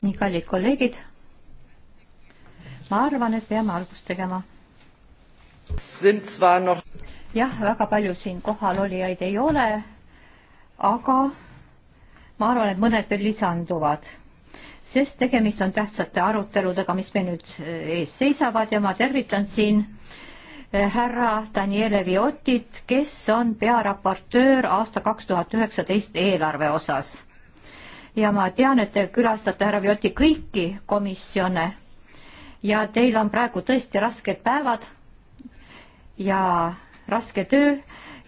nii, kallid kolleegid, ma arvan, et peame algust tegema. jah, väga palju siin kohalolijaid ei ole, aga ma arvan, et mõned veel lisanduvad, sest tegemist on tähtsate aruteludega, mis meil nüüd eh, ees seisavad ja ma tervitan siin eh, härra Daniele Viotit, kes on pearaportöör aasta kaks tuhat üheksateist eelarve osas ja ma tean, et te külastate, härra Vjoti, kõiki komisjone ja teil on praegu tõesti rasked päevad ja raske töö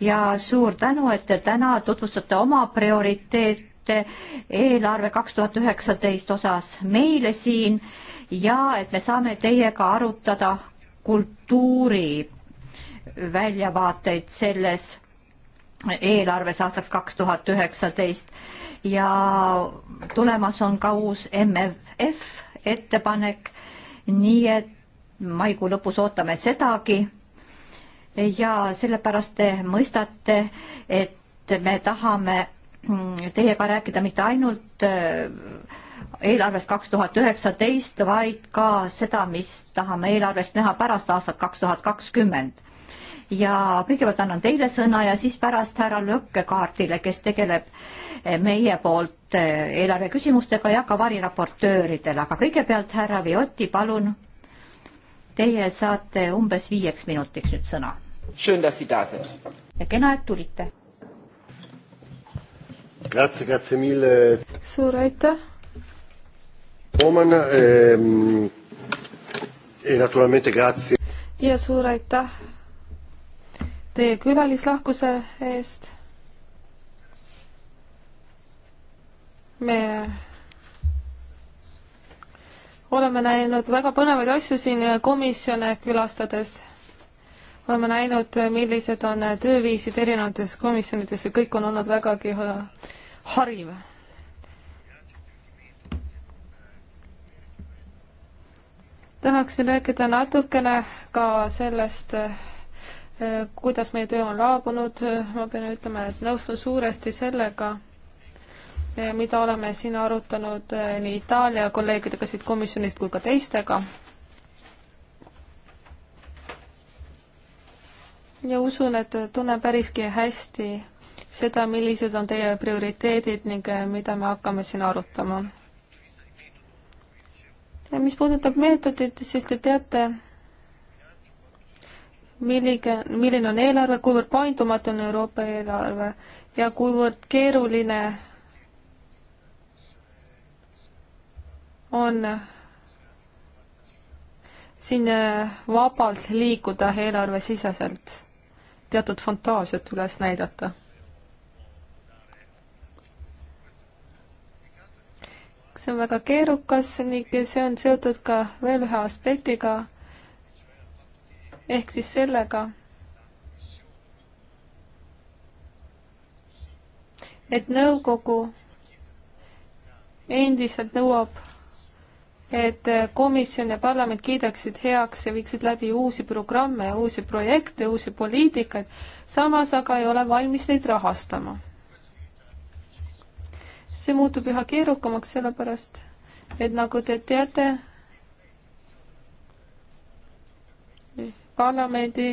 ja suur tänu, et te täna tutvustate oma prioriteete eelarve kaks tuhat üheksateist osas meile siin ja et me saame teiega arutada kultuuri väljavaateid selles eelarves aastaks kaks tuhat üheksateist ja tulemas on ka uus MFF ettepanek, nii et maikuu lõpus ootame sedagi. ja sellepärast te mõistate, et me tahame teiega rääkida mitte ainult äh, eelarvest kaks tuhat üheksateist, vaid ka seda, mis tahame eelarvest näha pärast aastat kaks tuhat kakskümmend ja kõigepealt annan teile sõna ja siis pärast härra Lõkkekaardile, kes tegeleb eh, meie poolt eh, eelarve küsimustega ja ka variraportööridele, aga kõigepealt härra Viotti, palun. Teie saate umbes viieks minutiks nüüd sõna. ja kena, et tulite. suur aitäh. Ehm, e ja suur aitäh teie külalislahkuse eest. me oleme näinud väga põnevaid asju siin komisjone külastades. oleme näinud, millised on tööviisid erinevates komisjonides ja kõik on olnud vägagi hariv. tahaksin rääkida natukene ka sellest kuidas meie töö on laabunud, ma pean ütlema, et nõustun suuresti sellega, mida oleme siin arutanud eh, nii Itaalia kolleegidega siit komisjonist kui ka teistega. ja usun, et tunnen päriski hästi seda, millised on teie prioriteedid ning eh, mida me hakkame siin arutama. mis puudutab meetodit, siis te teate, millige, milline on eelarve, kuivõrd paindumatu on Euroopa eelarve ja kuivõrd keeruline on siin äh, vabalt liikuda eelarvesiseselt, teatud fantaasiat üles näidata. see on väga keerukas ning see on seotud ka veel ühe aspektiga ehk siis sellega, et nõukogu endiselt nõuab, et komisjon ja parlament kiidaksid heaks ja viiksid läbi uusi programme, uusi projekte, uusi poliitikaid, samas aga ei ole valmis neid rahastama. see muutub üha keerukamaks, sellepärast et nagu te teate, parlamendi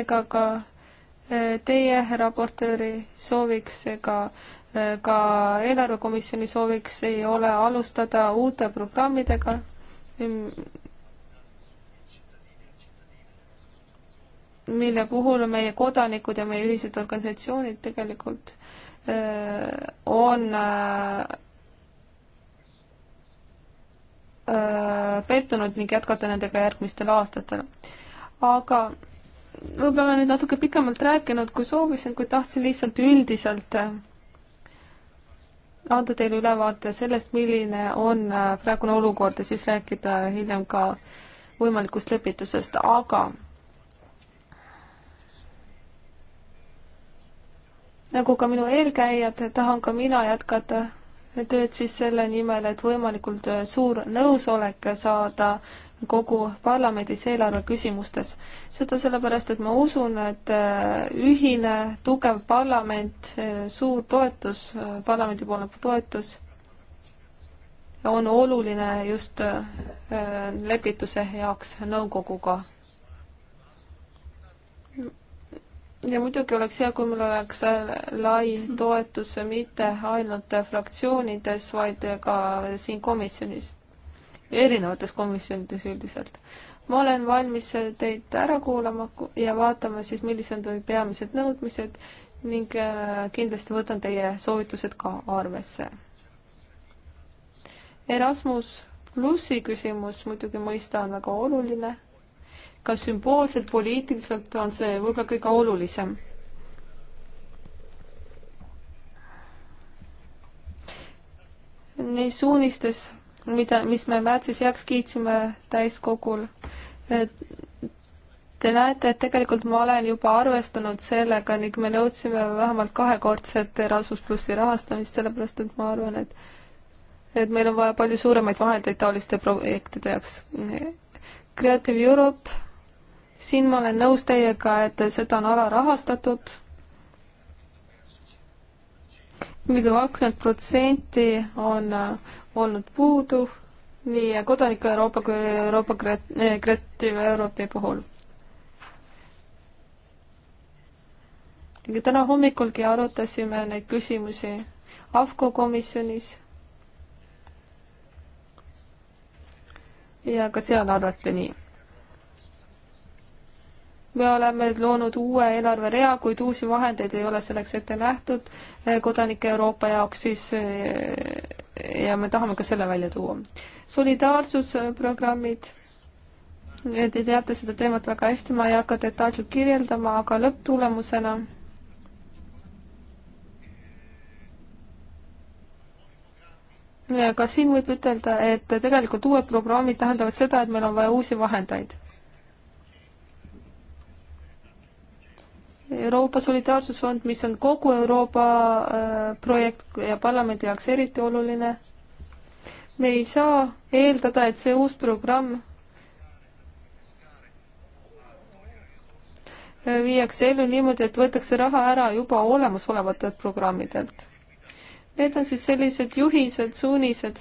ega ka eh, teie raportööri sooviks ega eh, ka eelarvekomisjoni sooviks ei ole alustada uute programmidega, mille puhul meie kodanikud ja meie ühised organisatsioonid tegelikult eh, on pettunud ning jätkata nendega järgmistel aastatel aga võib-olla olen nüüd natuke pikemalt rääkinud, kui soovisin, kuid tahtsin lihtsalt üldiselt äh, anda teile ülevaate sellest, milline on äh, praegune olukord ja siis rääkida hiljem ka võimalikust lepitusest, aga nagu ka minu eelkäijad, tahan ka mina jätkata tööd siis selle nimel, et võimalikult äh, suur nõusolek saada kogu parlamendis eelarve küsimustes. seda sellepärast, et ma usun, et äh, ühine tugev parlament, äh, suur toetus, parlamendipoolne toetus on oluline just lepituse heaks nõukoguga ja muidugi oleks hea, kui meil oleks lai toetus mitte ainult fraktsioonides, vaid ka siin komisjonis, erinevates komisjonides üldiselt. ma olen valmis teid ära kuulama ja vaatama siis, millised on teie peamised nõudmised ning äh, kindlasti võtan teie soovitused ka arvesse. Erasmus plussi küsimus muidugi mõista on väga oluline ka sümboolselt, poliitiliselt on see võib-olla kõige olulisem. Neis suunistes, mida, mis me märtsis heaks kiitsime täiskogul, et Te näete, et tegelikult ma olen juba arvestanud sellega ning me nõudsime vähemalt kahekordset Erasmus plussi rahastamist, sellepärast et ma arvan, et et meil on vaja palju suuremaid vahendeid taoliste projektide jaoks. Creative Europe siin ma olen nõus teiega, et seda on alarahastatud. ligi kakskümmend protsenti on äh, olnud puudu nii kodanike Euroopa kui Euroopa Kreative eh, Euroopi puhul. täna hommikulgi arutasime neid küsimusi AFCO komisjonis. ja ka seal arvati nii me oleme loonud uue eelarverea, kuid uusi vahendeid ei ole selleks ette nähtud eh, kodanike Euroopa jaoks siis eh, ja me tahame ka selle välja tuua. solidaarsusprogrammid, te teate seda teemat väga hästi, ma ei hakka detailselt kirjeldama, aga lõpptulemusena ka siin võib ütelda, et tegelikult uued programmid tähendavad seda, et meil on vaja uusi vahendeid Euroopa Solidaarsusfond, mis on kogu Euroopa äh, projekt ja parlamendi jaoks eriti oluline. me ei saa eeldada, et see uus programm viiakse ellu niimoodi, et võetakse raha ära juba olemasolevatelt programmidelt. Need on siis sellised juhised, suunised,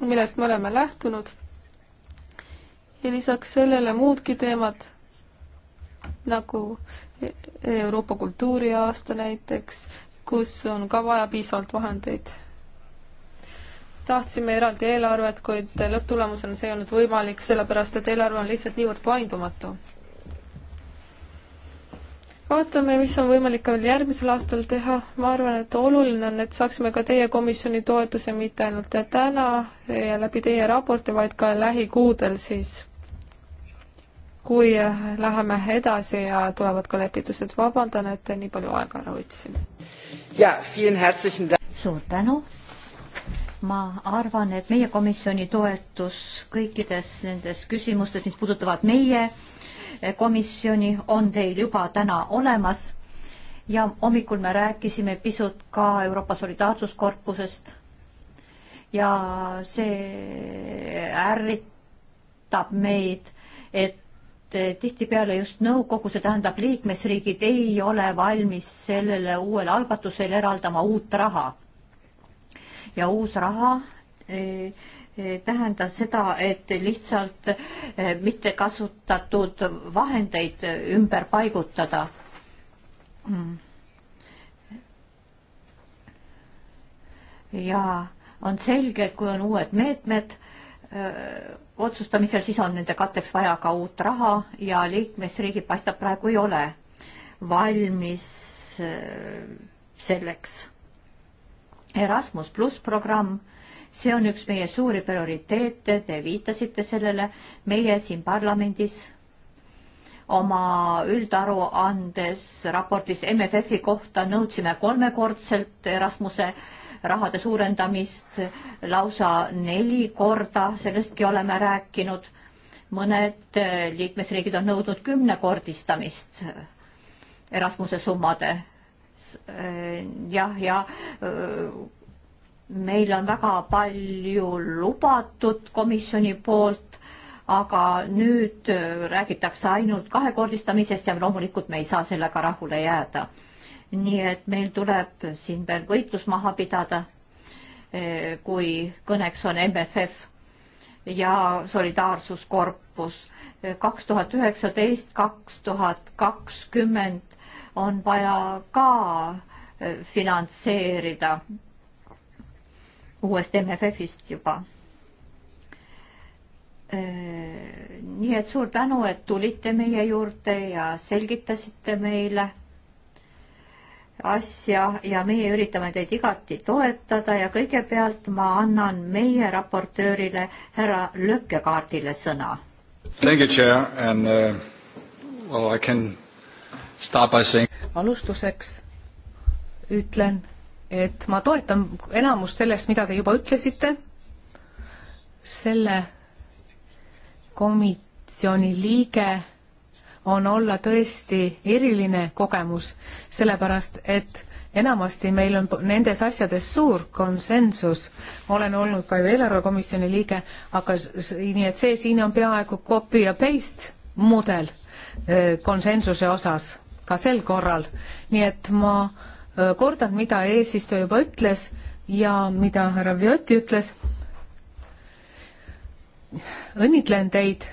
millest me oleme lähtunud. ja lisaks sellele muudki teemad nagu Euroopa kultuuriaasta näiteks, kus on ka vaja piisavalt vahendeid. tahtsime eraldi eelarvet, kuid lõpptulemusena see ei olnud võimalik, sellepärast et eelarve on lihtsalt niivõrd paindumatu. vaatame, mis on võimalik ka veel järgmisel aastal teha, ma arvan, et oluline on, et saaksime ka teie komisjoni toetuse mitte ainult täna ja läbi teie raporti, vaid ka lähikuudel siis kui äh, läheme edasi ja tulevad ka lepitused, vabandan, et nii palju aega ära võtsin. suur tänu. ma arvan, et meie komisjoni toetus kõikides nendes küsimustes, mis puudutavad meie komisjoni, on teil juba täna olemas. ja hommikul me rääkisime pisut ka Euroopa Solidaarsuskorpusest ja see ärritab meid, et Eh, tihtipeale just nõukogu, see tähendab liikmesriigid, ei ole valmis sellele uuele algatusele eraldama uut raha. ja uus raha eh, eh, tähendab seda, et lihtsalt eh, mitte kasutatud vahendeid eh, ümber paigutada mm.. ja on selge, et kui on uued meetmed otsustamisel, siis on nende katteks vaja ka uut raha ja liikmesriigid paistab praegu ei ole valmis selleks. Erasmus pluss programm, see on üks meie suuri prioriteete, te viitasite sellele, meie siin parlamendis oma üldaruandes raportis MFF-i kohta nõudsime kolmekordselt Erasmuse äh, rahade suurendamist lausa neli korda, sellestki oleme rääkinud. mõned eh, liikmesriigid on nõudnud kümnekordistamist Erasmuse summade. Eh, jah, ja eh, meil on väga palju lubatud komisjoni poolt, aga nüüd räägitakse ainult kahekordistamisest ja loomulikult me ei saa sellega rahule jääda nii et meil tuleb siin veel võitlus maha pidada, eh, kui kõneks on MFF ja solidaarsuskorpus. Eh, kaks tuhat üheksateist, kaks tuhat kakskümmend on vaja ka eh, finantseerida uuest MFF-ist juba. nii et suur tänu, et tulite meie juurde ja selgitasite meile asja ja meie üritame teid igati toetada ja kõigepealt ma annan meie raportöörile härra Lökkekaardile sõna. Thank you, chair and uh, well I can start by saying. alustuseks ütlen, et ma toetan enamust sellest, mida te juba ütlesite. selle komisjoni liige on olla tõesti eriline kogemus, sellepärast et enamasti meil on nendes asjades suur konsensus, olen olnud ka ju eelarvekomisjoni liige, aga nii et see siin on peaaegu copy ja paste mudel konsensuse osas ka sel korral. nii et ma kordan, mida eesistuja juba ütles ja mida härra Viotti ütles. õnnitlen teid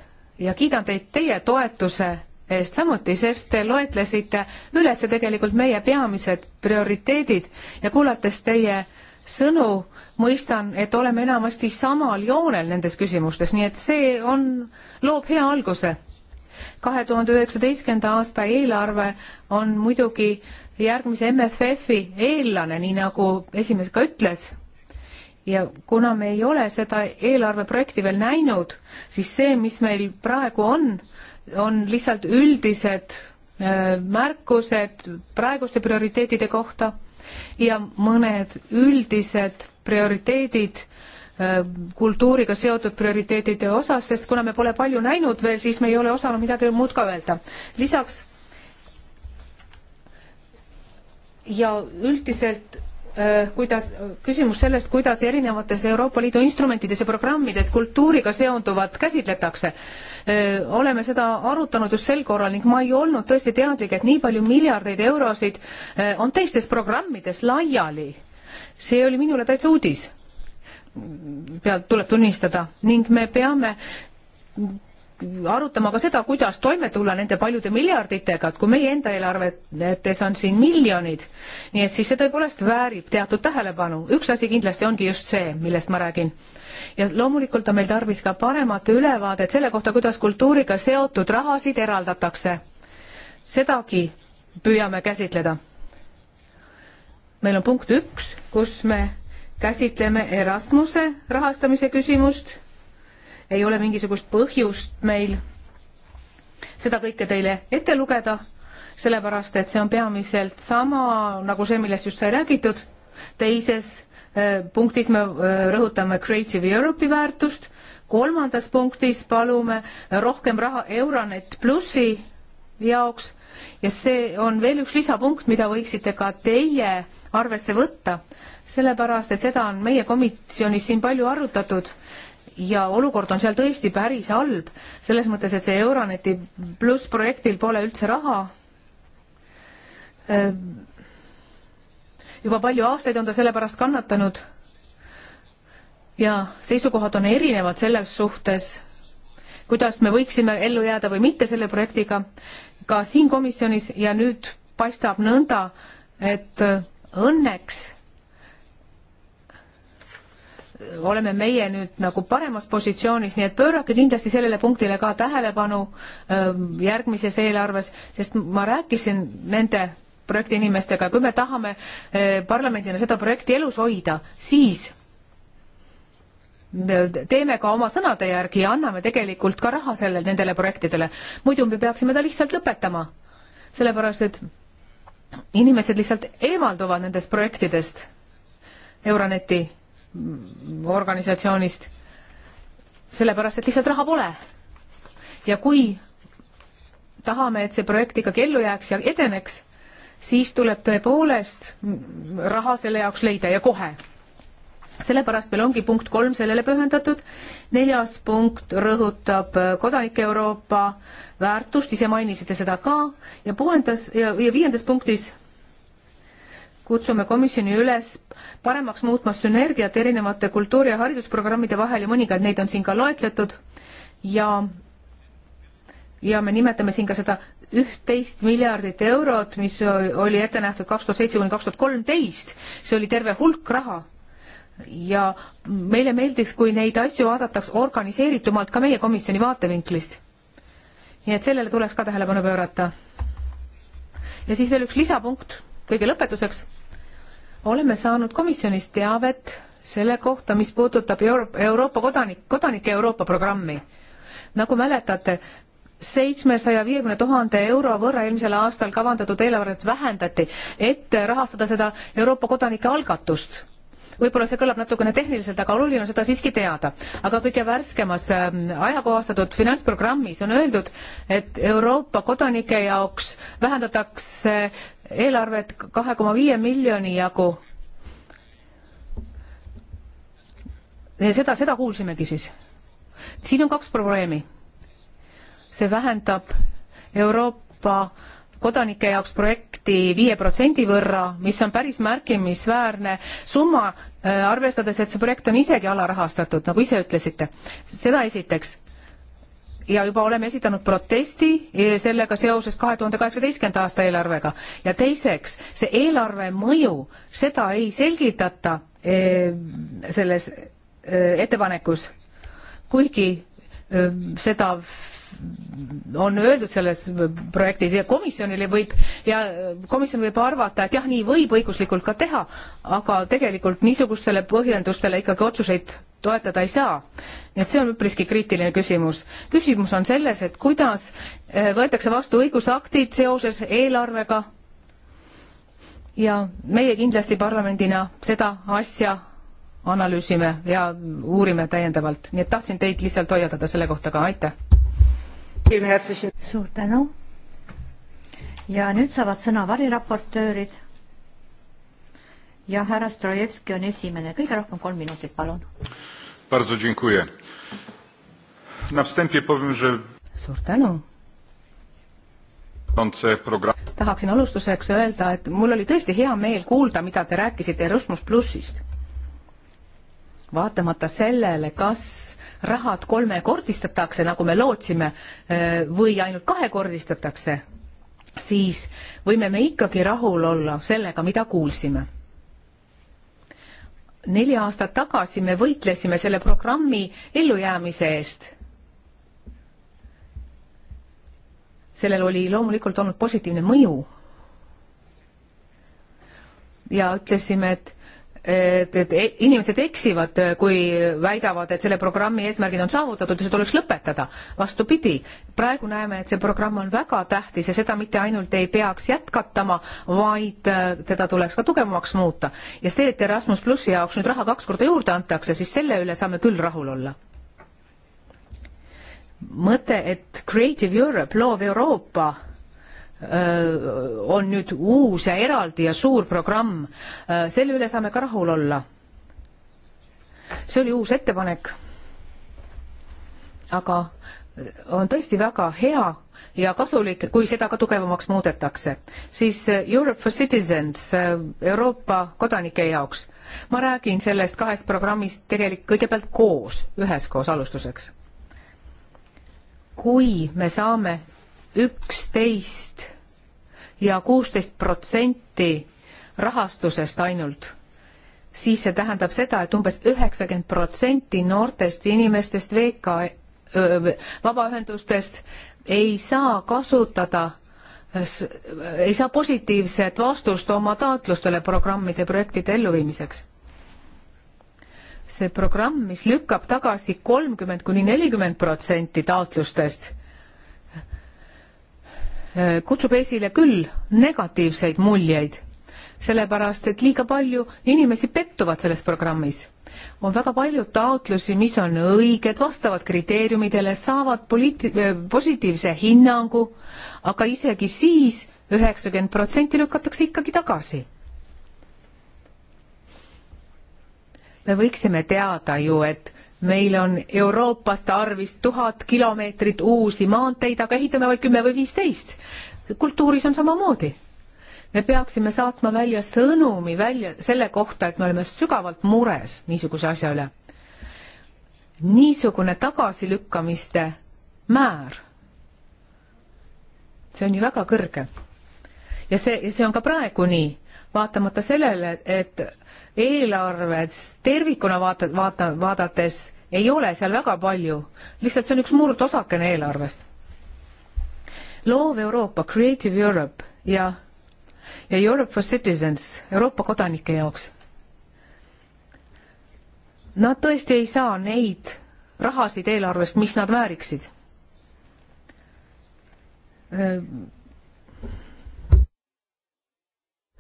ja kiidan teid teie toetuse eest samuti, sest te loetlesite üles tegelikult meie peamised prioriteedid ja kuulates teie sõnu, mõistan, et oleme enamasti samal joonel nendes küsimustes, nii et see on, loob hea alguse. kahe tuhande üheksateistkümnenda aasta eelarve on muidugi järgmise MFF-i eellane, nii nagu esimees ka ütles ja kuna me ei ole seda eelarveprojekti veel näinud, siis see, mis meil praegu on, on lihtsalt üldised äh, märkused praeguste prioriteetide kohta ja mõned üldised prioriteedid äh, kultuuriga seotud prioriteetide osas, sest kuna me pole palju näinud veel, siis me ei ole osanud midagi muud ka öelda. lisaks ja üldiselt Äh, kuidas, küsimus sellest, kuidas erinevates Euroopa Liidu instrumentides ja programmides kultuuriga seonduvat käsitletakse. Äh, oleme seda arutanud just sel korral ning ma ei olnud tõesti teadlik, et nii palju miljardeid eurosid äh, on teistes programmides laiali. see oli minule täitsa uudis. pealt tuleb tunnistada ning me peame arutama ka seda, kuidas toime tulla nende paljude miljarditega, et kui meie enda eelarvetes on siin miljonid, nii et siis see tõepoolest väärib teatud tähelepanu. üks asi kindlasti ongi just see, millest ma räägin. ja loomulikult on meil tarvis ka paremat ülevaadet selle kohta, kuidas kultuuriga seotud rahasid eraldatakse. sedagi püüame käsitleda. meil on punkt üks, kus me käsitleme Erasmuse rahastamise küsimust ei ole mingisugust põhjust meil seda kõike teile ette lugeda, sellepärast et see on peamiselt sama nagu see, millest just sai räägitud. teises äh, punktis me äh, rõhutame Creative Europe'i väärtust, kolmandas punktis palume rohkem raha Euronet plussi jaoks ja see on veel üks lisapunkt, mida võiksite ka teie arvesse võtta, sellepärast et seda on meie komisjonis siin palju arutatud ja olukord on seal tõesti päris halb, selles mõttes, et see Euroneti pluss projektil pole üldse raha. Äh, juba palju aastaid on ta selle pärast kannatanud. ja seisukohad on erinevad selles suhtes, kuidas me võiksime ellu jääda või mitte selle projektiga, ka siin komisjonis ja nüüd paistab nõnda, et õnneks oleme meie nüüd nagu paremas positsioonis, nii et pöörake kindlasti sellele punktile ka tähelepanu ähm, järgmises eelarves, sest ma rääkisin nende projekti inimestega, kui me tahame äh, parlamendina seda projekti elus hoida, siis teeme ka oma sõnade järgi ja anname tegelikult ka raha sellele, nendele projektidele. muidu me peaksime ta lihtsalt lõpetama, sellepärast et inimesed lihtsalt eemalduvad nendest projektidest Euroneti organisatsioonist, sellepärast et lihtsalt raha pole. ja kui tahame, et see projekt ikkagi ellu jääks ja edeneks, siis tuleb tõepoolest raha selle jaoks leida ja kohe. sellepärast meil ongi punkt kolm sellele pühendatud, neljas punkt rõhutab kodanike Euroopa väärtust, ise mainisite seda ka, ja kuuendas ja, ja viiendas punktis kutsume komisjoni üles paremaks muutma sünergiat erinevate kultuuri- ja haridusprogrammide vahel ja mõningad neid on siin ka loetletud ja ja me nimetame siin ka seda üht-teist miljardit eurot, mis oli ette nähtud kaks tuhat seitse kuni kaks tuhat kolmteist, see oli terve hulk raha. ja meile meeldiks, kui neid asju vaadataks organiseeritumalt ka meie komisjoni vaatevinklist. nii et sellele tuleks ka tähelepanu pöörata. ja siis veel üks lisapunkt kõige lõpetuseks oleme saanud komisjonist teavet selle kohta, mis puudutab Euro Euroopa kodanik, kodanike Euroopa programmi. nagu mäletate, seitsmesaja viiekümne tuhande euro võrra eelmisel aastal kavandatud eelarvet vähendati, et rahastada seda Euroopa kodanike algatust võib-olla see kõlab natukene tehniliselt, aga oluline on seda siiski teada. aga kõige värskemas ähm, ajakohastatud finantsprogrammis on öeldud, et Euroopa kodanike jaoks vähendatakse eelarvet kahe koma viie miljoni jagu. seda, seda kuulsimegi siis. siin on kaks probleemi. see vähendab Euroopa kodanike jaoks projekti viie protsendi võrra, mis on päris märkimisväärne summa, äh, arvestades, et see projekt on isegi alarahastatud, nagu ise ütlesite. seda esiteks ja juba oleme esitanud protesti eh, sellega seoses kahe tuhande kaheksateistkümnenda aasta eelarvega. ja teiseks, see eelarve mõju, seda ei selgitata eh, selles eh, ettepanekus, kuigi seda on öeldud selles projektis ja komisjonile võib ja komisjon võib arvata, et jah, nii võib õiguslikult ka teha, aga tegelikult niisugustele põhjendustele ikkagi otsuseid toetada ei saa. nii et see on üpriski kriitiline küsimus. küsimus on selles, et kuidas eh, võetakse vastu õigusaktid seoses eelarvega ja meie kindlasti parlamendina seda asja analüüsime ja uurime täiendavalt, nii et tahtsin teid lihtsalt hoiatada selle kohta ka, aitäh! suur tänu! ja nüüd saavad sõna variraportöörid ja härra Strojevski on esimene, kõige rohkem kolm minutit, palun. Bardzo dziękuję. Na wstępie powiem, że suur tänu. tahaksin alustuseks öelda, et mul oli tõesti hea meel kuulda, mida te rääkisite Erasmus plussist. vaatamata sellele, kas rahad kolmekordistatakse, nagu me lootsime, eh, või ainult kahekordistatakse, siis võime me ikkagi rahul olla sellega, mida kuulsime neli aastat tagasi me võitlesime selle programmi ellujäämise eest. sellel oli loomulikult olnud positiivne mõju. ja ütlesime, et et, et e-, inimesed eksivad, kui väidavad, et selle programmi eesmärgid on saavutatud ja see tuleks lõpetada. vastupidi, praegu näeme, et see programm on väga tähtis ja seda mitte ainult ei peaks jätkatama, vaid äh, teda tuleks ka tugevamaks muuta. ja see, et Erasmus plussi jaoks nüüd raha kaks korda juurde antakse, siis selle üle saame küll rahul olla mõte, et Creative Europe, loov Euroopa Äh, on nüüd uus ja eraldi ja suur programm, äh, selle üle saame ka rahul olla. see oli uus ettepanek. aga äh, on tõesti väga hea ja kasulik, kui seda ka tugevamaks muudetakse, siis Europe for Citizens, Euroopa kodanike jaoks. ma räägin sellest kahest programmist tegelikult kõigepealt koos, üheskoos alustuseks. kui me saame üksteist ja kuusteist protsenti rahastusest ainult, siis see tähendab seda, et umbes üheksakümmend protsenti noortest inimestest VK, vabaühendustest ei saa kasutada ei saa positiivset vastust oma taotlustele programmide projektide elluviimiseks. see programm, mis lükkab tagasi kolmkümmend kuni nelikümmend protsenti taotlustest kutsub esile küll negatiivseid muljeid, sellepärast et liiga palju inimesi pettuvad selles programmis. on väga palju taotlusi, mis on õiged, vastavad kriteeriumidele, saavad poliit-, äh, positiivse hinnangu, aga isegi siis üheksakümmend protsenti lükatakse ikkagi tagasi me võiksime teada ju, et meil on Euroopas tarvis tuhat kilomeetrit uusi maanteid, aga ehitame vaid kümme või viisteist. kultuuris on samamoodi. me peaksime saatma välja sõnumi välja selle kohta, et me oleme sügavalt mures niisuguse asja üle. niisugune tagasilükkamiste määr, see on ju väga kõrge. ja see, see on ka praegu nii, vaatamata sellele, et eelarves tervikuna vaata, vaata, vaadates ei ole seal väga palju, lihtsalt see on üks murdosakene eelarvest. loov Euroopa, Creative Europe ja, ja Europe for Citizens, Euroopa kodanike jaoks. Nad tõesti ei saa neid rahasid eelarvest, mis nad vääriksid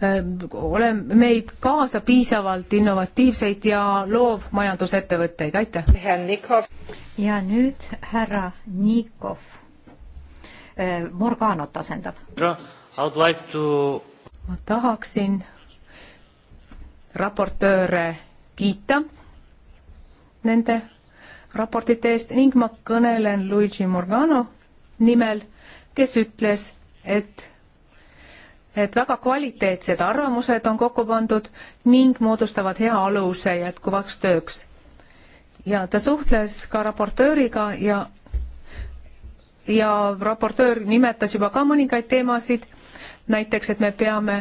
Äh, oleme, me ei kaasa piisavalt innovatiivseid ja loovmajandusettevõtteid, aitäh. ja nüüd härra Nikov äh,, Morganot asendab. Like to... ma tahaksin raportööre kiita nende raportite eest ning ma kõnelen Luigi Morgano nimel, kes ütles, et et väga kvaliteetsed arvamused on kokku pandud ning moodustavad hea aluse jätkuvaks tööks. ja ta suhtles ka raportööriga ja ja raportöör nimetas juba ka mõningaid teemasid, näiteks et me peame,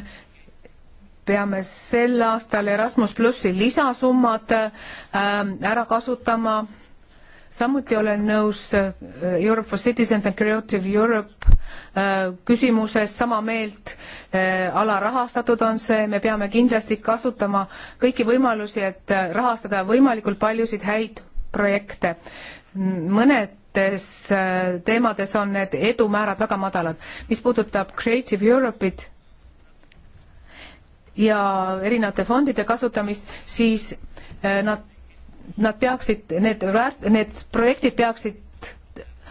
peame sel aastal Erasmus plussi lisasummad äh, ära kasutama samuti olen nõus äh, Europe for Citizens and Creative Europe äh, küsimuses sama meelt, äh, alarahastatud on see, me peame kindlasti kasutama kõiki võimalusi, et rahastada võimalikult paljusid häid projekte. mõnedes teemades on need edumäärad väga madalad. mis puudutab Creative Europe'it ja erinevate fondide kasutamist, siis nad nad peaksid, need väärt-, need projektid peaksid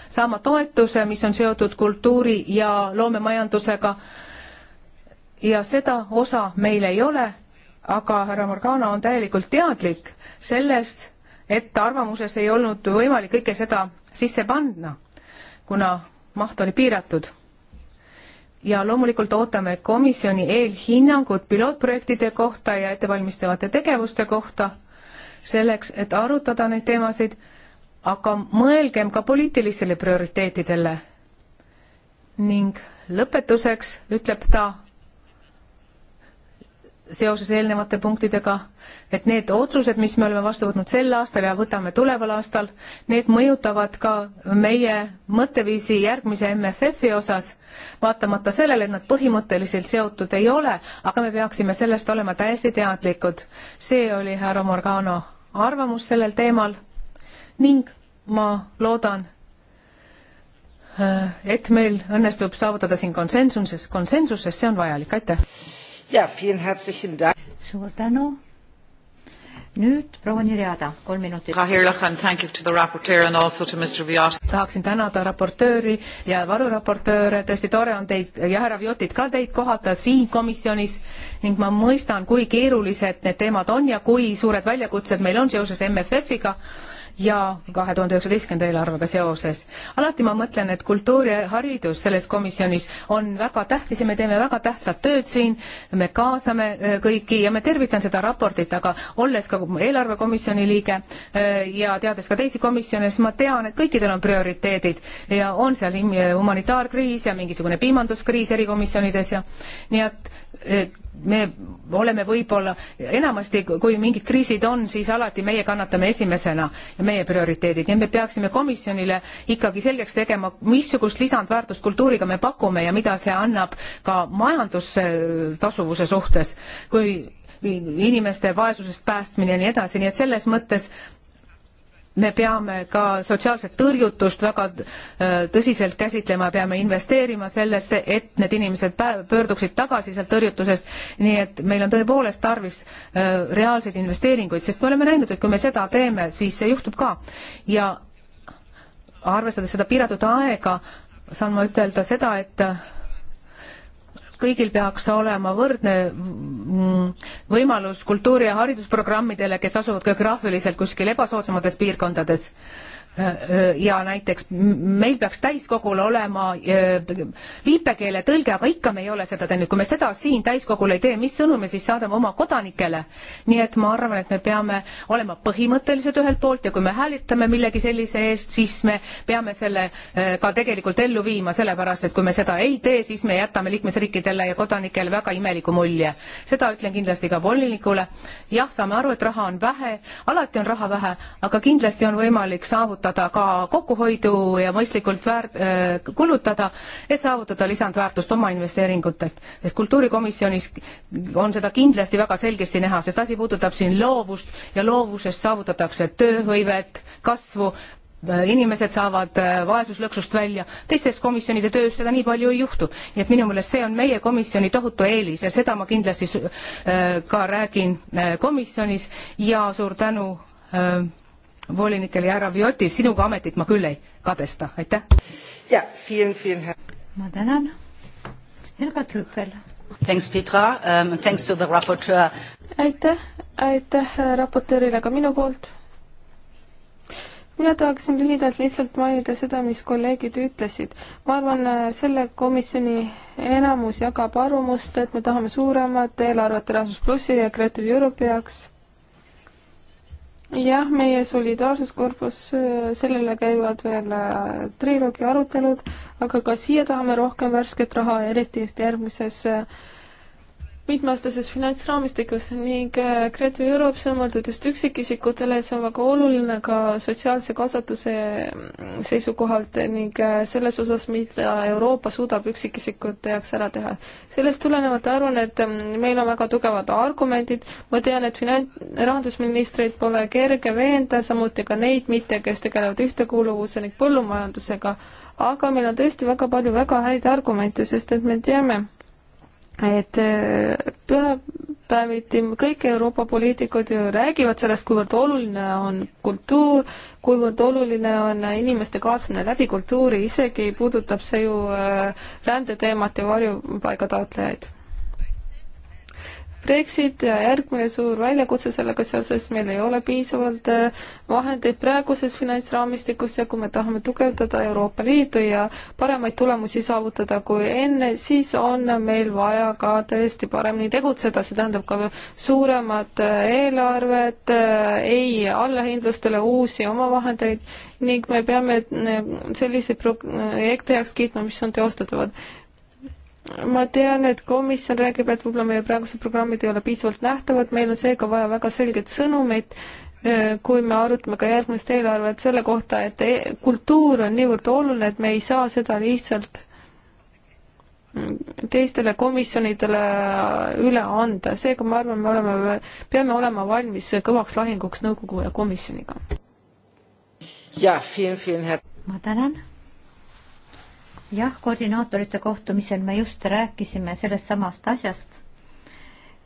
saama toetuse, mis on seotud kultuuri ja loomemajandusega. ja seda osa meil ei ole, aga härra Morgana on täielikult teadlik sellest, et arvamuses ei olnud võimalik kõike seda sisse panna, kuna maht oli piiratud. ja loomulikult ootame komisjoni eelhinnangut pilootprojektide kohta ja ettevalmistavate tegevuste kohta selleks, et arutada neid teemasid, aga mõelgem ka poliitilistele prioriteetidele. ning lõpetuseks ütleb ta seoses eelnevate punktidega, et need otsused, mis me oleme vastu võtnud sel aastal ja võtame tuleval aastal, need mõjutavad ka meie mõtteviisi järgmise MFF-i osas, vaatamata sellele, et nad põhimõtteliselt seotud ei ole, aga me peaksime sellest olema täiesti teadlikud. see oli härra Morgano arvamus sellel teemal ning ma loodan, äh, et meil õnnestub saavutada siin konsensuses, konsensuses, see on vajalik, aitäh! suur tänu! nüüd proua Nirjada, kolm minutit. tahaksin tänada raportööri ja varuraportööre, tõesti tore on teid ja härra Viotit ka teid kohata siin komisjonis ning ma mõistan, kui keerulised need teemad on ja kui suured väljakutsed meil on seoses MFF-iga ja kahe tuhande üheksateistkümnenda eelarvega seoses. alati ma mõtlen, et kultuur ja haridus selles komisjonis on väga tähtis ja me teeme väga tähtsat tööd siin, me kaasame äh, kõiki ja ma tervitan seda raportit, aga olles ka eelarvekomisjoni liige äh, ja teades ka teisi komisjone, siis ma tean, et kõikidel on prioriteedid ja on seal äh, humanitaarkriis ja mingisugune piimanduskriis erikomisjonides ja nii et me oleme võib-olla, enamasti kui mingid kriisid on, siis alati meie kannatame esimesena ja meie prioriteedid ja me peaksime komisjonile ikkagi selgeks tegema, missugust lisandväärtust kultuuriga me pakume ja mida see annab ka majandustasuvuse suhtes, kui inimeste vaesusest päästmine ja nii edasi, nii et selles mõttes me peame ka sotsiaalset tõrjutust väga äh, tõsiselt käsitlema, peame investeerima sellesse, et need inimesed pöörduksid tagasi sealt tõrjutusest, nii et meil on tõepoolest tarvis äh, reaalseid investeeringuid, sest me oleme näinud, et kui me seda teeme, siis see juhtub ka. ja arvestades seda piiratud aega, saan ma ütelda seda, et äh, kõigil peaks olema võrdne mm, võimalus kultuuri- ja haridusprogrammidele, kes asuvad geograafiliselt kuskil ebasoodsamates piirkondades Äh, äh, ja näiteks meil peaks täiskogul olema äh, viipekeele tõlge, aga ikka me ei ole seda teinud, kui me seda siin täiskogul ei tee, mis sõnumi siis saadame oma kodanikele? nii et ma arvan, et me peame olema põhimõttelised ühelt poolt ja kui me hääletame millegi sellise eest, siis me peame selle ka tegelikult ellu viima, sellepärast et kui me seda ei tee, siis me jätame liikmesriikidele ja kodanikele väga imeliku mulje. seda ütlen kindlasti ka volinikule. jah, saame aru, et raha on vähe, alati on raha vähe, aga kindlasti on võimalik saavutada saavutada ka kokkuhoidu ja mõistlikult väärt- äh,, kulutada, et saavutada lisandväärtust oma investeeringutelt. sest Kultuurikomisjonis on seda kindlasti väga selgesti näha, sest asi puudutab siin loovust ja loovusest saavutatakse tööhõivet, kasvu, äh, inimesed saavad äh, vaesuslõksust välja, teistes komisjonide töös seda nii palju ei juhtu. nii et minu meelest see on meie komisjoni tohutu eelis ja seda ma kindlasti äh, ka räägin komisjonis ja suur tänu volinikele ja härra Vjotiv, sinuga ametit ma küll ei kadesta, aitäh. ma tänan. Helga Trüppel. Thanks, Petra um,, thanks to the raportöör. aitäh, aitäh äh, raportöörile ka minu poolt. mina tahaksin lühidalt lihtsalt mainida seda, mis kolleegid ütlesid. ma arvan, äh, selle komisjoni enamus jagab arvamust, et me tahame suuremat eelarvet Erasmus plussi ja Creative Europe jaoks jah, meie solidaarsuskorpus, äh, sellele käivad veel äh, triloogi arutelud, aga ka siia tahame rohkem värsket raha, eriti just järgmises äh, mitmeaastases finantsraamistikus ning äh, Creative Europe sõlmatud just üksikisikutele, see on väga oluline ka sotsiaalse kaasatuse mm, seisukohalt ning äh, selles osas, mida Euroopa suudab üksikisikute jaoks ära teha. sellest tulenevalt arvan, et mm, meil on väga tugevad argumendid, ma tean, et finant-, rahandusministreid pole kerge veenda, samuti ka neid mitte, kes tegelevad ühtekuuluvuse ning põllumajandusega, aga meil on tõesti väga palju väga häid argumente, sest et me teame, et äh, päeviti kõik Euroopa poliitikud ju räägivad sellest, kuivõrd oluline on kultuur, kuivõrd oluline on inimeste kaasamine läbi kultuuri, isegi puudutab see ju äh, rändeteemat ja varjupaigataotlejaid. Brexit ja järgmine suur väljakutse sellega seoses, meil ei ole piisavalt äh, vahendeid praeguses finantsraamistikus ja kui me tahame tugevdada Euroopa Liitu ja paremaid tulemusi saavutada kui enne, siis on meil vaja ka tõesti paremini tegutseda, see tähendab ka suuremat äh, eelarvet, äh, ei allahindlustele uusi omavahendeid ning me peame selliseid projekte heaks kiitma, mis on teostatavad ma tean, et komisjon räägib, et võib-olla meie praegused programmid ei ole piisavalt nähtavad, meil on seega vaja väga selget sõnumit, eh, kui me arutame ka järgmist eelarvet selle kohta, et eh, kultuur on niivõrd oluline, et me ei saa seda lihtsalt mm, teistele komisjonidele üle anda, seega ma arvan, me oleme, peame olema valmis kõvaks lahinguks nõukogu ja komisjoniga. jah, ma tänan jah, koordinaatorite kohtumisel me just rääkisime sellest samast asjast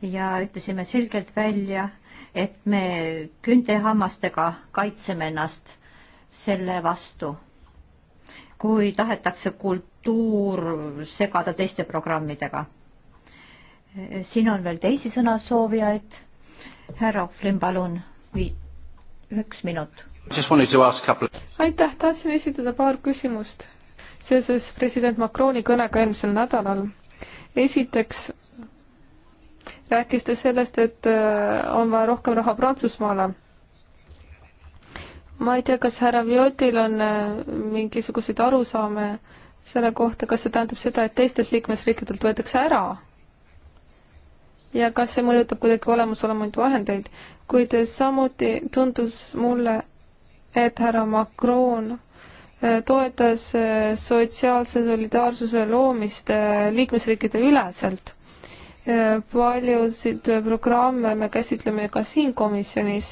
ja ütlesime selgelt välja, et me küüntehammastega kaitseme ennast selle vastu, kui tahetakse kultuur segada teiste programmidega. siin on veel teisi sõnasoovijaid. härra Ohvlin, palun, üks minut. aitäh, tahtsin esitada paar küsimust seoses president Macroni kõnega eelmisel nädalal. esiteks rääkis ta sellest, et äh, on vaja rohkem raha Prantsusmaale. ma ei tea, kas härra Viotil on äh, mingisuguseid arusaame selle kohta, kas see tähendab seda, et teistelt liikmesriikidelt võetakse ära? ja kas see mõjutab kuidagi olemasolevaid vahendeid? kuid samuti tundus mulle, et härra Macron Äh, toetas äh, sotsiaalse solidaarsuse loomist äh, liikmesriikide üleselt. paljusid programme me käsitleme ka siin komisjonis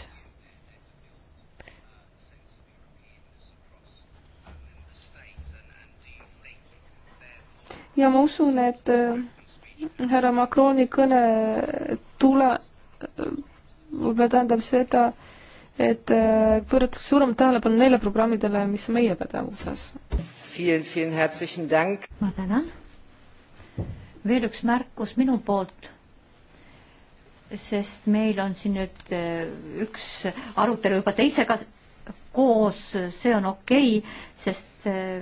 ja ma usun, et härra Macroni kõne tule, võib-olla tähendab seda, et äh, pööratakse suuremat tähelepanu neile programmidele, mis on meie pädevuses. ma tänan. veel üks märkus minu poolt, sest meil on siin nüüd äh, üks arutelu juba teisega koos, see on okei okay,, sest äh,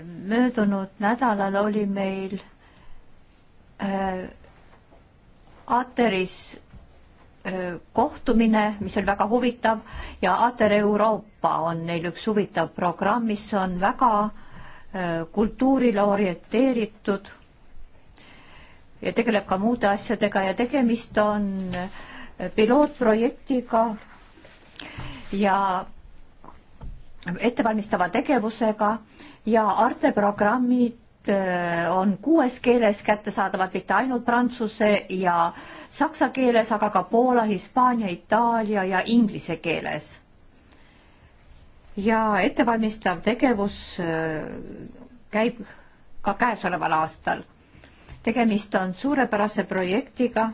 möödunud nädalal oli meil äh, Ateris kohtumine, mis on väga huvitav ja Ater Euroopa on neil üks huvitav programm, mis on väga kultuurile orienteeritud ja tegeleb ka muude asjadega ja tegemist on pilootprojektiga ja ettevalmistava tegevusega ja Arte programmid Äh, on kuues keeles kättesaadavad, mitte ainult prantsuse ja saksa keeles, aga ka poola, hispaania, itaalia ja inglise keeles. ja ettevalmistav tegevus äh, käib ka käesoleval aastal. tegemist on suurepärase projektiga,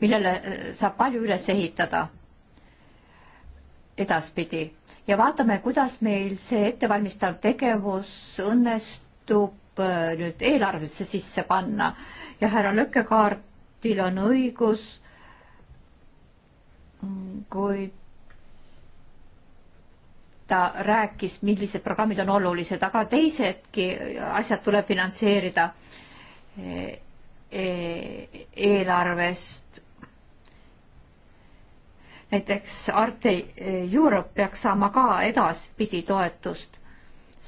millele äh, saab palju üles ehitada edaspidi ja vaatame, kuidas meil see ettevalmistav tegevus õnnestub äh, nüüd eelarvesse sisse panna. ja härra Lõkkekaardil on õigus, kuid ta rääkis, millised programmid on olulised, aga teisedki asjad tuleb finantseerida äh, e-, eelarvest näiteks Arte Europe peaks saama ka edaspidi toetust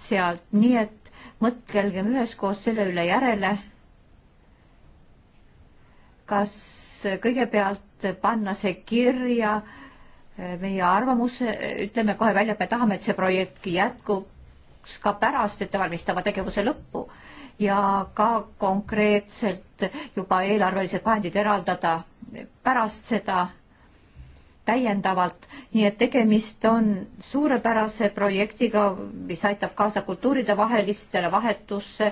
sealt, nii et mõtlegem üheskoos selle üle järele, kas kõigepealt panna see kirja eh, meie arvamuse, ütleme kohe välja, et me tahame, et see projektki jätkuks ka pärast ettevalmistava tegevuse lõppu ja ka konkreetselt juba eelarvelised vahendid eraldada pärast seda täiendavalt, nii et tegemist on suurepärase projektiga, mis aitab kaasa kultuuridevahelistele vahetusse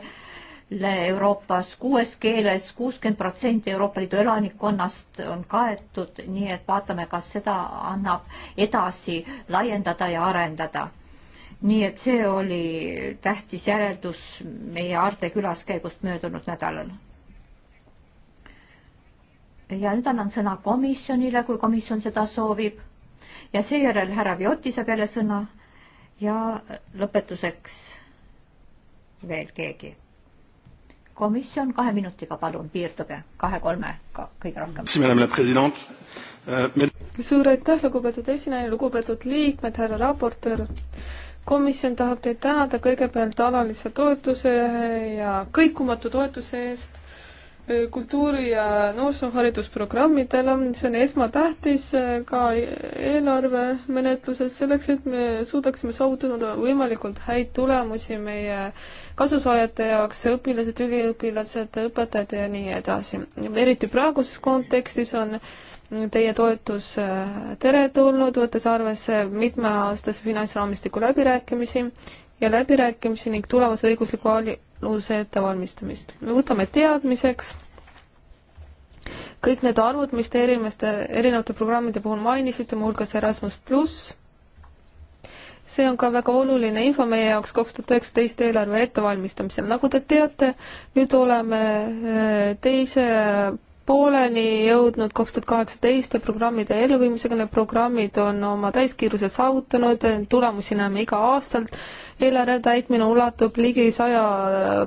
Euroopas kuues keeles kuuskümmend protsenti Euroopa Liidu elanikkonnast on kaetud, nii et vaatame, kas seda annab edasi laiendada ja arendada. nii et see oli tähtis järeldus meie Aarte külaskäigust möödunud nädalal ja nüüd annan sõna komisjonile, kui komisjon seda soovib. ja seejärel härra Vioti saab jälle sõna ja lõpetuseks veel keegi. komisjon kahe minutiga, palun, piirduge kahe-kolmega kõige rohkem. Euh, suur aitäh, lugupeetud esinaine, lugupeetud liikmed, härra raportöör komisjon tahab teid tänada kõigepealt alalise toetuse ja kõikumatu toetuse eest kultuuri- ja noorsooharidusprogrammidele, see on esmatähtis äh, ka eelarvemenetluses selleks, et me suudaksime saavutada võimalikult häid tulemusi meie kasusaajate jaoks, õpilased, üliõpilased, õpetajad ja nii edasi. eriti praeguses kontekstis on teie toetus äh, teretulnud, võttes arvesse mitmeaastase finantsraamistiku läbirääkimisi ja läbirääkimisi ning tulevase õigusliku hääletuse ettevalmistamist. me võtame teadmiseks kõik need arvud, mis te erimeste, erinevate programmide puhul mainisite, muuhulgas Erasmus pluss, see on ka väga oluline info meie jaoks kaks tuhat üheksateist eelarve ettevalmistamisel. nagu te teate, nüüd oleme äh, teise pooleni jõudnud kaks tuhat kaheksateist ja programmide elluviimisega, need programmid on oma täiskiiruse saavutanud, tulemusi näeme iga-aastalt, eelarve täitmine ulatub ligi saja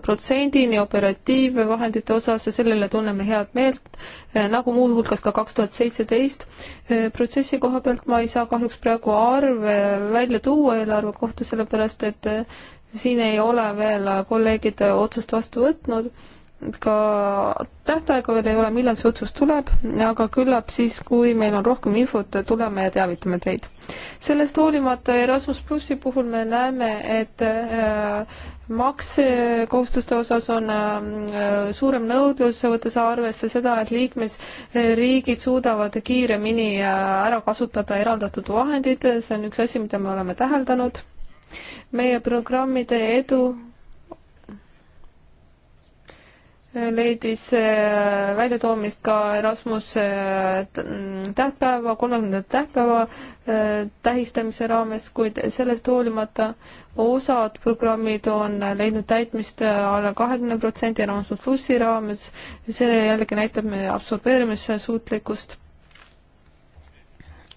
protsendini operatiivvahendite osas ja sellele tunneme head meelt, eh, nagu muuhulgas ka kaks tuhat seitseteist. Eh, protsessi koha pealt ma ei saa kahjuks praegu arve välja tuua eelarve kohta, sellepärast et eh, siin ei ole veel kolleegid otsust vastu võtnud ka tähtaega veel ei ole, millal see otsus tuleb, aga küllap siis, kui meil on rohkem infot, tuleme ja teavitame teid. sellest hoolimata Erasmus plussi puhul me näeme, et äh, maksekohustuste osas on äh, suurem nõudlus, võttes arvesse seda, et liikmesriigid suudavad kiiremini äh, ära kasutada eraldatud vahendid, see on üks asi, mida me oleme täheldanud. meie programmide edu leidis äh, väljatoomist ka Erasmus äh, tähtpäeva, kolmekümnenda tähtpäeva äh, tähistamise raames, kuid sellest hoolimata osad programmid on leidnud täitmist alla kahekümne protsendi Erasmus plussi raames. see jällegi näitab meie absorbeerimise suutlikkust.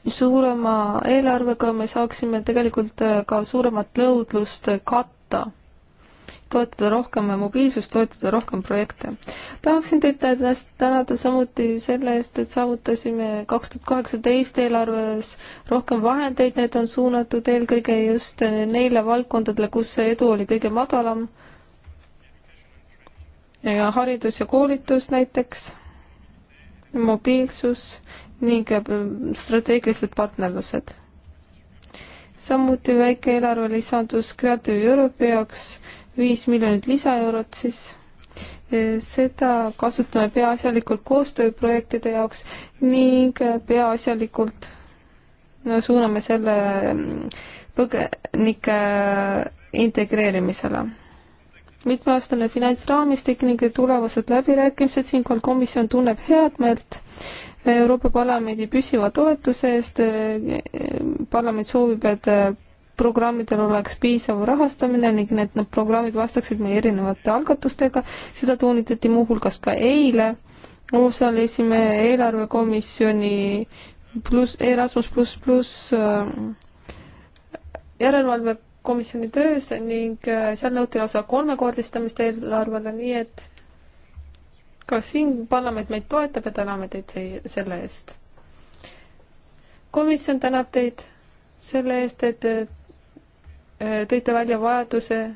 suurema eelarvega me saaksime tegelikult ka suuremat nõudlust katta toetada rohkem mobiilsust, toetada rohkem projekte. tahaksin teid tänada samuti selle eest, et saavutasime kaks tuhat kaheksateist eelarves rohkem vahendeid, need on suunatud eelkõige just neile valdkondadele, kus see edu oli kõige madalam. ja haridus ja koolitus näiteks, mobiilsus ning strateegilised partnerlused samuti väike eelarve lisandus Creative Europe jaoks viis miljonit lisaeurot, siis eh, seda kasutame peaasjalikult koostööprojektide jaoks ning eh, peaasjalikult no suuname selle mm, põgenike integreerimisele. mitmeaastane finantsraamistik ning tulevased läbirääkimised, siinkohal komisjon tunneb head meelt Euroopa Parlamendi püsiva toetuse eest. Eh, parlament soovib, et programmidel oleks piisav rahastamine ning need, need programmid vastaksid meie erinevate algatustega, seda toonitati muuhulgas ka eile, osalesime eelarvekomisjoni pluss, Erasmus pluss pluss äh, järelevalvekomisjoni töös ning äh, seal nõuti lausa kolmekordistamist eelarvele, nii et ka siin parlament meid toetab ja täname teid selle eest. komisjon tänab teid selle eest, et tõite välja vajaduse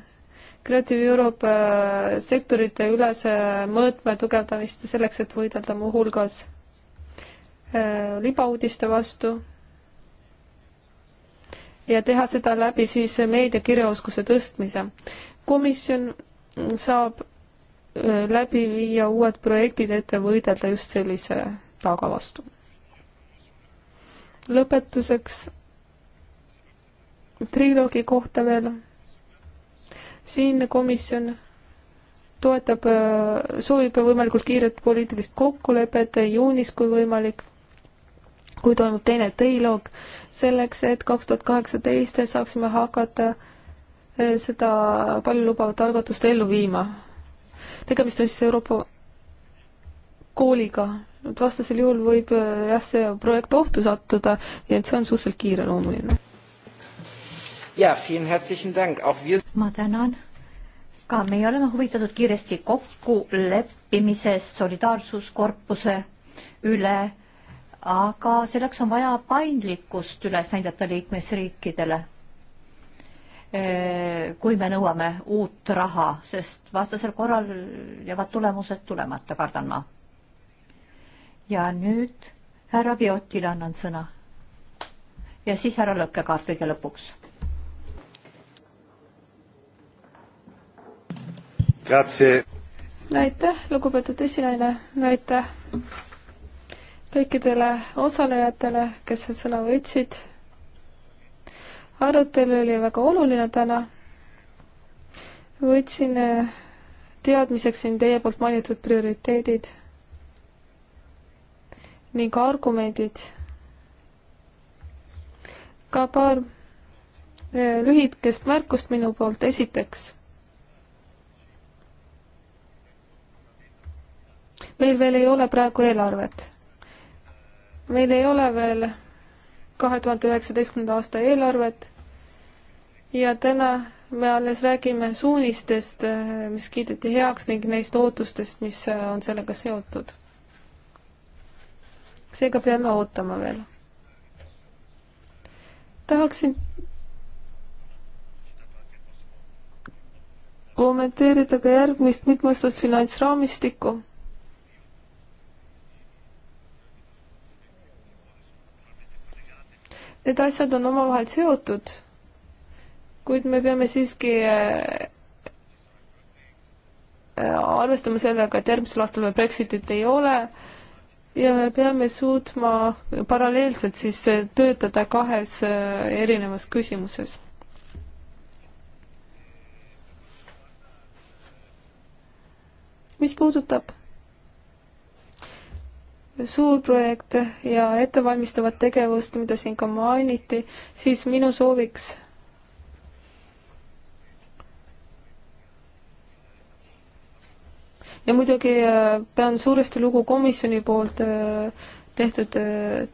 Creative Europe äh, sektorite ülese mõõtme tugevdamist selleks, et võidelda muuhulgas äh, libauudiste vastu ja teha seda läbi siis meediakirjaoskuse tõstmise. komisjon saab äh, läbi viia uued projektid, et võidelda just sellise taga vastu. lõpetuseks triloogi kohta veel. siin komisjon toetab, soovib võimalikult kiiret poliitilist kokkulepet juunis, kui võimalik, kui toimub teine triloog, selleks et kaks tuhat kaheksateist saaksime hakata eh, seda paljulubavat algatust ellu viima. tegemist on siis Euroopa kooliga, et vastasel juhul võib eh, jah, see projekt ohtu sattuda ja et see on suhteliselt kiireloomuline ja, vielen herzlichen Dank, auch wir. ma tänan. ka meie oleme huvitatud kiiresti kokkuleppimisest solidaarsuskorpuse üle, aga selleks on vaja paindlikkust üles näidata liikmesriikidele. E, kui me nõuame uut raha, sest vastasel korral jäävad tulemused tulemata, kardan ma. ja nüüd härra Viotile annan sõna. ja siis härra Lõkkekaart kõige lõpuks aitäh, lugupeetud esinaine, aitäh kõikidele osalejatele, kes sõna võtsid. arutelu oli väga oluline täna. võtsin eh, teadmiseks siin teie poolt mainitud prioriteedid ning argumendid. ka paar eh, lühikest märkust minu poolt, esiteks meil veel ei ole praegu eelarvet. meil ei ole veel kahe tuhande üheksateistkümnenda aasta eelarvet ja täna me alles räägime suunistest, mis kiideti heaks ning neist ootustest, mis on sellega seotud. seega peame ootama veel. tahaksin kommenteerida ka järgmist mitmeaastast finantsraamistikku. Need asjad on omavahel seotud, kuid me peame siiski äh, äh, arvestama sellega, et järgmisel aastal veel Brexitit ei ole ja me peame suutma paralleelselt siis äh, töötada kahes erinevas küsimuses. mis puudutab suur projekt ja ettevalmistavat tegevust, mida siin ka mainiti, siis minu sooviks ja muidugi äh, pean suuresti lugu komisjoni poolt äh, tehtud äh,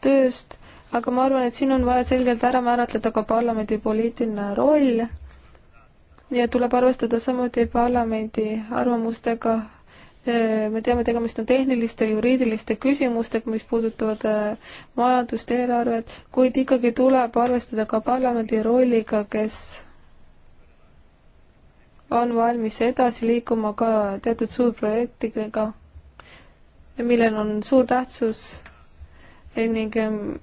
tööst, aga ma arvan, et siin on vaja selgelt ära määratleda ka parlamendi poliitiline roll ja tuleb arvestada samuti parlamendi arvamustega Äh, me teame, tegemist on tehniliste, juriidiliste küsimustega, mis puudutavad äh, majandust, eelarvet, kuid ikkagi tuleb arvestada ka parlamendi rolliga, kes on valmis edasi liikuma ka teatud suurprojektidega, millel on suur tähtsus ning ähm,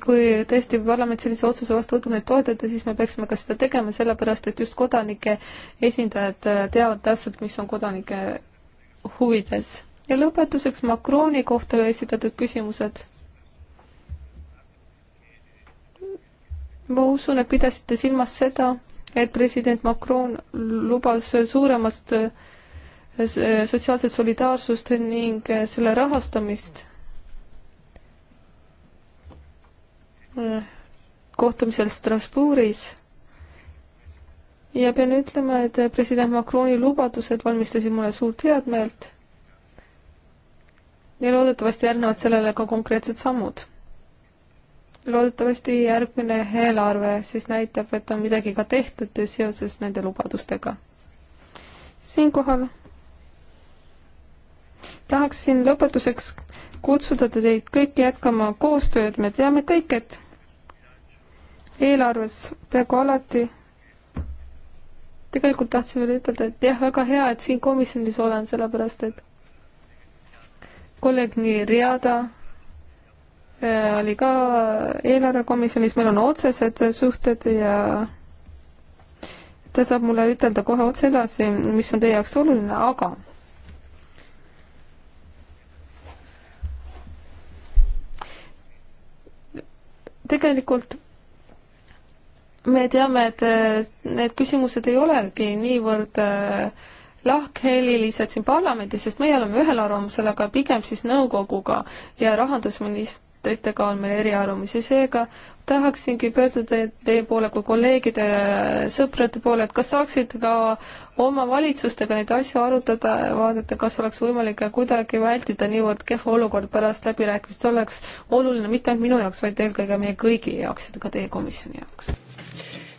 kui tõesti parlament sellise otsuse vastu võtab, neid toetada, siis me peaksime ka seda tegema, sellepärast et just kodanike esindajad äh, teavad täpselt, mis on kodanike huvides. ja lõpetuseks Macroni kohta esitatud küsimused. ma usun, et pidasite silmas seda, et president Macron lubas suuremast äh, sotsiaalset solidaarsust ning äh, selle rahastamist kohtumisel Strasbourgis ja pean ütlema, et president Macroni lubadused valmistasid mulle suurt head meelt ja loodetavasti järgnevad sellele ka konkreetsed sammud. loodetavasti järgmine eelarve siis näitab, et on midagi ka tehtud seoses nende lubadustega. siinkohal tahaksin lõpetuseks kutsuda teid kõiki jätkama koostööd, me teame kõik, et eelarves peaaegu alati tegelikult tahtsin veel ütelda, et jah, väga hea, et siin komisjonis olen, sellepärast et kolleeg nii Riada äh, oli ka eelarvekomisjonis, meil on otsesed suhted ja ta saab mulle ütelda kohe otse edasi, mis on teie jaoks oluline, aga tegelikult me teame, et äh, need küsimused ei olegi niivõrd äh, lahkhelilised siin parlamendis, sest meie oleme ühel arvamusel, aga pigem siis nõukoguga ja rahandusminist-, raportööritega on meil eriarvamusi, seega tahaksingi pöörduda teie poole kui kolleegide, sõprade poole, et kas saaksite ka oma valitsustega neid asju arutada, vaadata, kas oleks võimalik kuidagi vältida niivõrd kehva olukord pärast läbirääkimist, oleks oluline mitte ainult minu jaoks, vaid eelkõige meie kõigi jaoks ja ka teie komisjoni jaoks.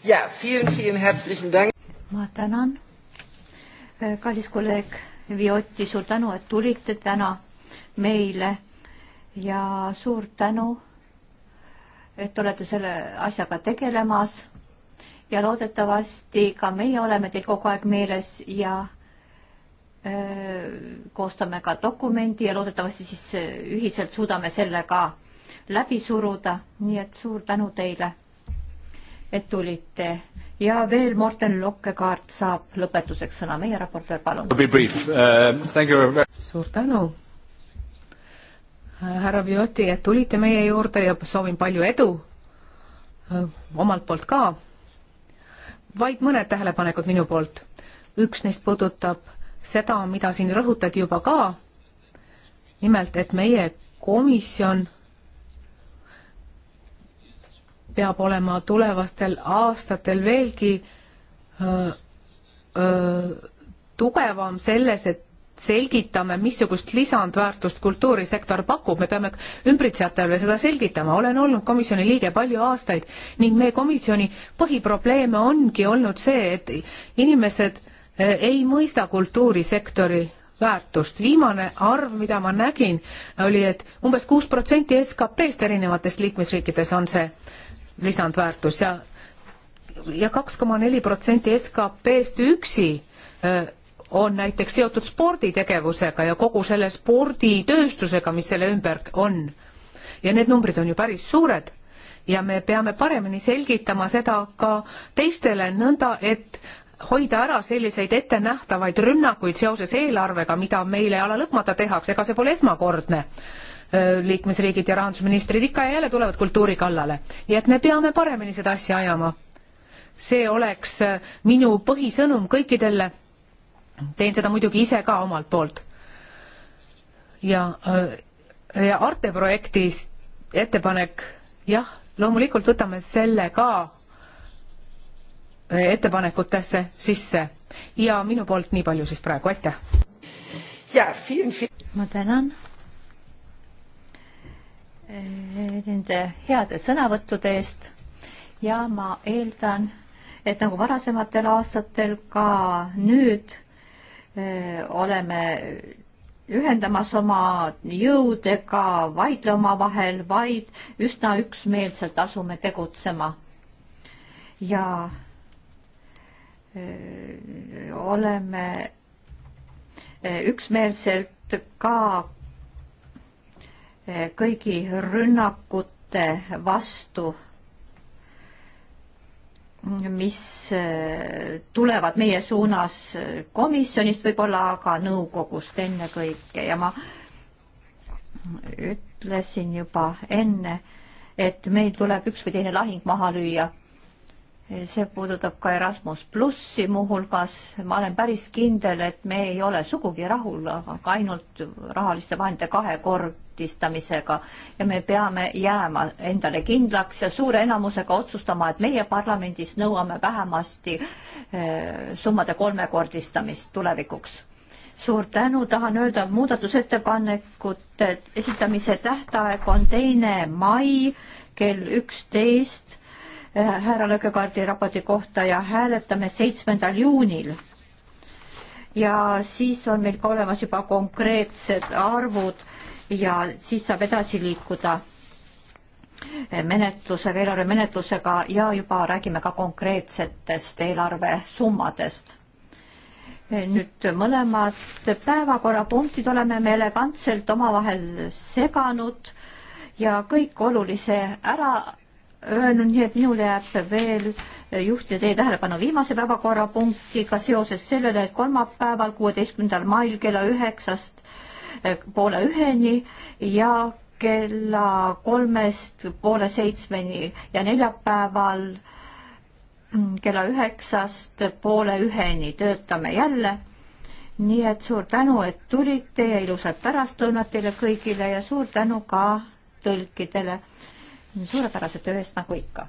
jaa, ma tänan, kallis kolleeg Vioti, suur tänu, et tulite täna meile ja suur tänu, et olete selle asjaga tegelemas ja loodetavasti ka meie oleme teil kogu aeg meeles ja öö, äh, koostame ka dokumendi ja loodetavasti siis äh, ühiselt suudame selle ka läbi suruda, nii et suur tänu teile, et tulite ja veel Morten Lokkekaart saab lõpetuseks sõna, meie raportöör, palun. Um, suur tänu härra Vioti, et tulite meie juurde ja soovin palju edu omalt poolt ka. vaid mõned tähelepanekud minu poolt. üks neist puudutab seda, mida siin rõhutati juba ka, nimelt, et meie komisjon peab olema tulevastel aastatel veelgi öö, äh, öö, äh, tugevam selles, et selgitame, missugust lisandväärtust kultuurisektor pakub, me peame ümbritsejatele seda selgitama, olen olnud komisjoni liige palju aastaid ning meie komisjoni põhiprobleeme ongi olnud see, et inimesed eh, ei mõista kultuurisektori väärtust. viimane arv, mida ma nägin, oli, et umbes kuus protsenti SKP-st erinevates liikmesriikides on see lisandväärtus ja ja kaks koma neli protsenti SKP-st üksi öö, eh, on näiteks seotud sporditegevusega ja kogu selle sporditööstusega, mis selle ümber on. ja need numbrid on ju päris suured ja me peame paremini selgitama seda ka teistele nõnda, et hoida ära selliseid ettenähtavaid rünnakuid seoses eelarvega, mida meile ala lõpmata tehakse, ega see pole esmakordne liikmesriigid ja rahandusministrid ikka ja jälle tulevad kultuuri kallale. nii et me peame paremini seda asja ajama. see oleks minu põhisõnum kõikidele teen seda muidugi ise ka omalt poolt. ja, äh, ja Arte projektis ettepanek, jah, loomulikult võtame selle ka äh, ettepanekutesse sisse ja minu poolt nii palju siis praegu, aitäh! ma tänan äh, nende heade sõnavõttude eest ja ma eeldan, et nagu varasematel aastatel ka nüüd oleme ühendamas oma jõudega, vaidle omavahel, vaid üsna üksmeelselt asume tegutsema. ja öö, oleme üksmeelselt ka öö, kõigi rünnakute vastu mis eh, tulevad meie suunas komisjonist võib-olla, aga nõukogust ennekõike ja ma ütlesin juba enne, et meil tuleb üks või teine lahing maha lüüa see puudutab ka Erasmus plussi muuhulgas. ma olen päris kindel, et me ei ole sugugi rahul, aga ainult rahaliste vahendite kahekordistamisega ja me peame jääma endale kindlaks ja suure enamusega otsustama, et meie parlamendis nõuame vähemasti eh, summade kolmekordistamist tulevikuks. suur tänu, tahan öelda, muudatusettepanekute esitamise tähtaeg on teine mai kell üksteist Äh, härra Lõkekaardi raporti kohta ja hääletame seitsmendal juunil. ja siis on meil ka olemas juba konkreetsed arvud ja siis saab edasi liikuda menetlusega, eelarvemenetlusega ja juba räägime ka konkreetsetest eelarvesummadest. nüüd mõlemad päevakorrapunktid oleme me elegantselt omavahel seganud ja kõik olulise ära öelnud, nii et minul jääb veel eh, juhtida teie tähelepanu viimase päevakorrapunktiga seoses sellele, et kolmapäeval, kuueteistkümnendal mail kella üheksast eh, poole üheni ja kella kolmest poole seitsmeni ja neljapäeval mm, kella üheksast poole üheni töötame jälle. nii et suur tänu, et tulite ja ilusat pärastlõunat teile kõigile ja suur tänu ka tõlkidele suurepärase töö eest nagu ikka.